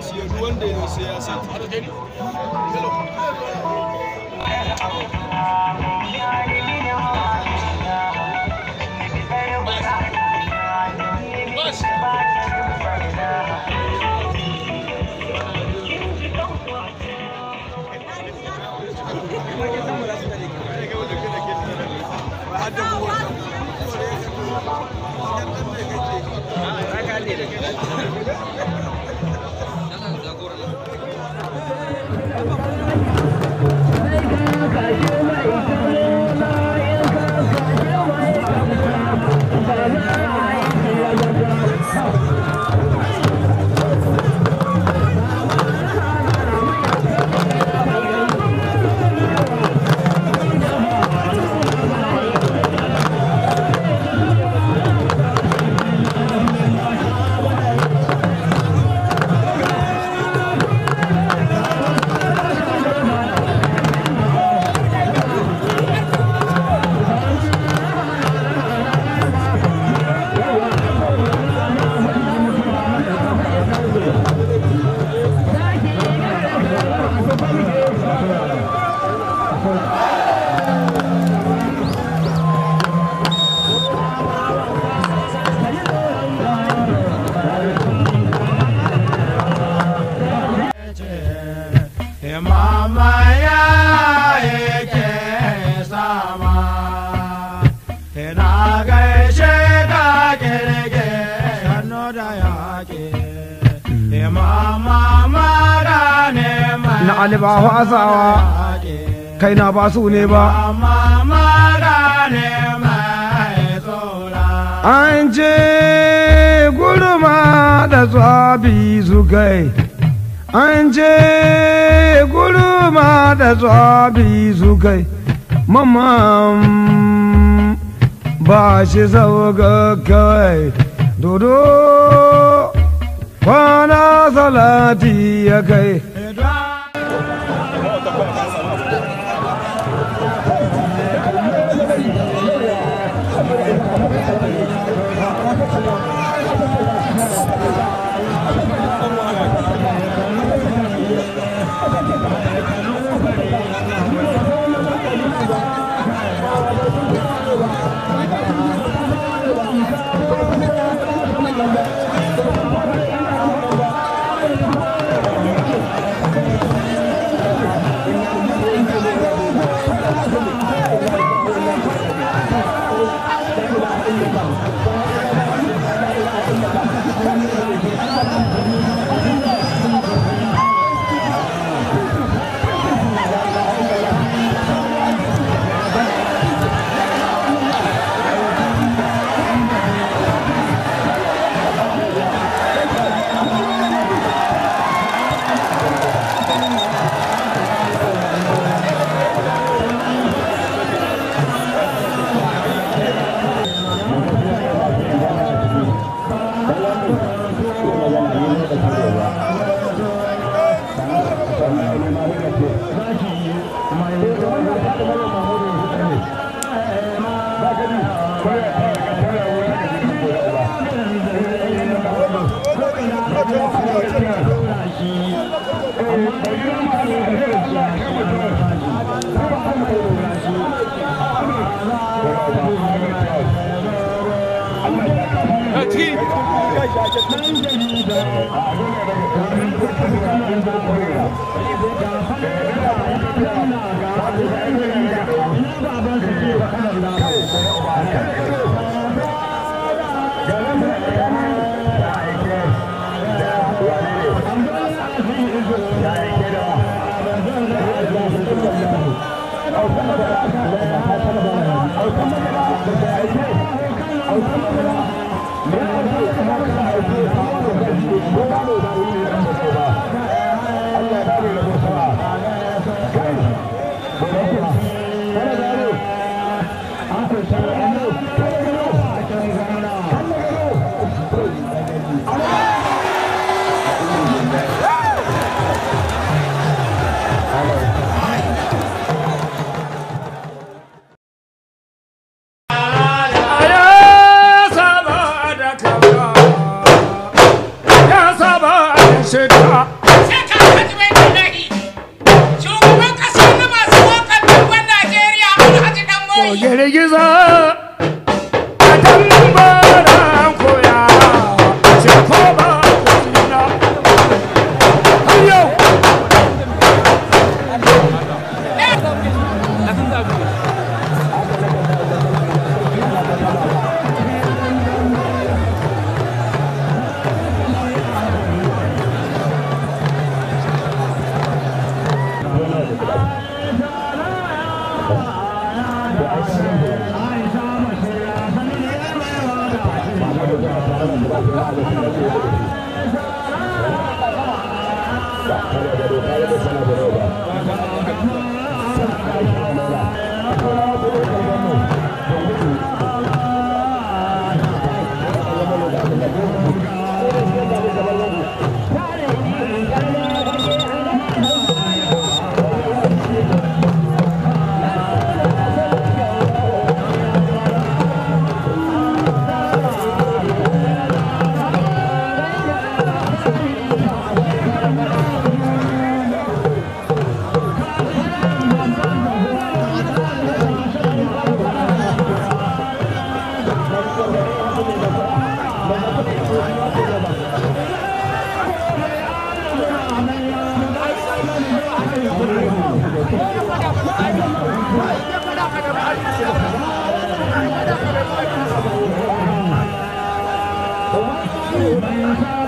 zai ciye duk wanda ya siyasa ya ali ba asawa kai na ba su ne ba an je gurma da tsabi zugai an ce gurma da zabi zugai mamman ba shi zauga kai dodo kwana salati ya kai Oh, ဘာလို့ဘာလို့ I Shiva Kadambara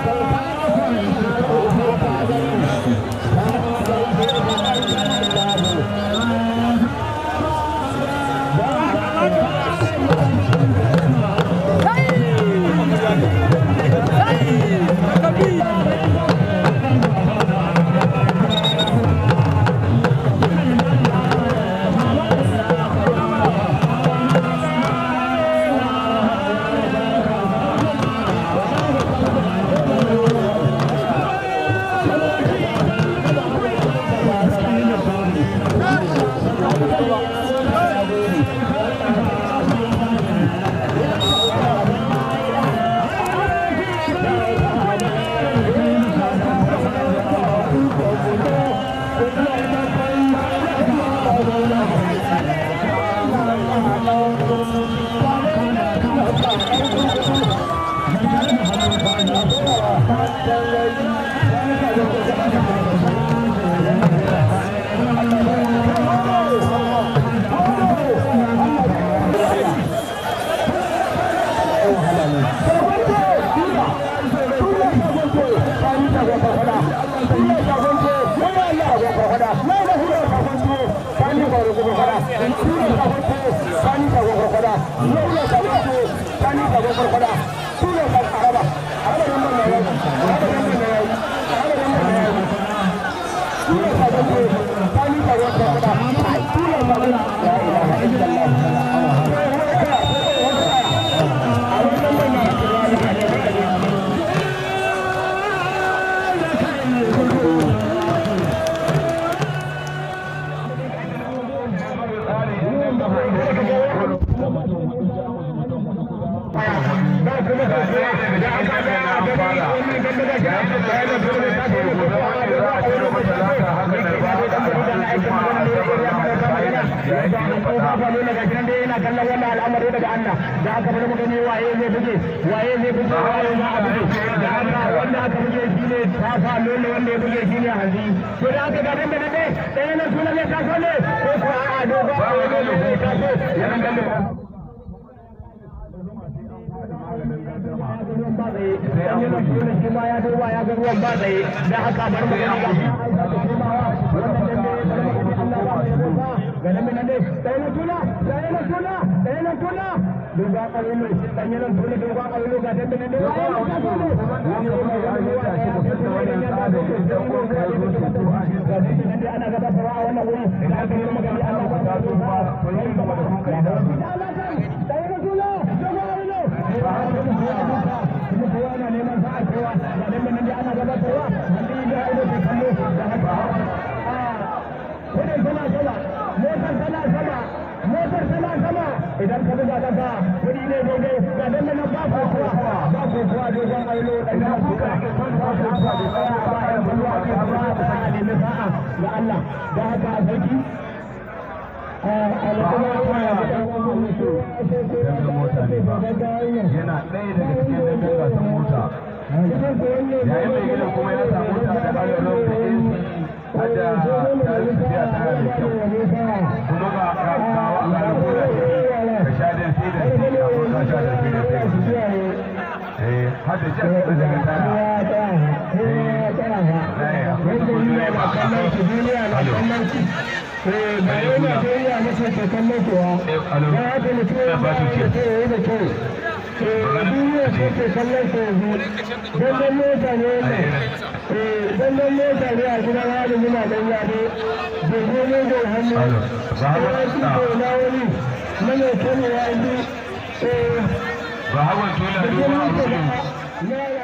Thank you. nuna sabon su araba araba nan ban na kallon wannan al'amari daga Allah da aka bari muka ne waye zai buge waye zai buge waye za a buge da Allah wanda aka buge shi ne tafa lola wanda ya buge shi ne hanzi to da aka ga da ne ɗaya na sunan ya taso ne ko ko a'a dogon ne ya taso yana kallon ana gabatarwa a ta yi. da aka yi magana ana gabatarwa idan ka buga kasa kuɗi da na kuka ka Allah dangar mota ne ba yana ɗaya daga cikin dangar gasar mota yayin mai gidan kuma ya samu mota da ayyukan da ya hada ta yi tafiya tara da kyau kuma ga kawo a ranar gona ce ka sha da fi da fi da kuma sha da fi da fi har da jan daga tara kallon ki duniya na kallon ki na duniya kallon ki ba haka ba ce yi da kyau duniya ce ke kallon ki yanzu dandan mota ne dandan mota ne a gidan hali muna ne da hannu na wani mana ba ne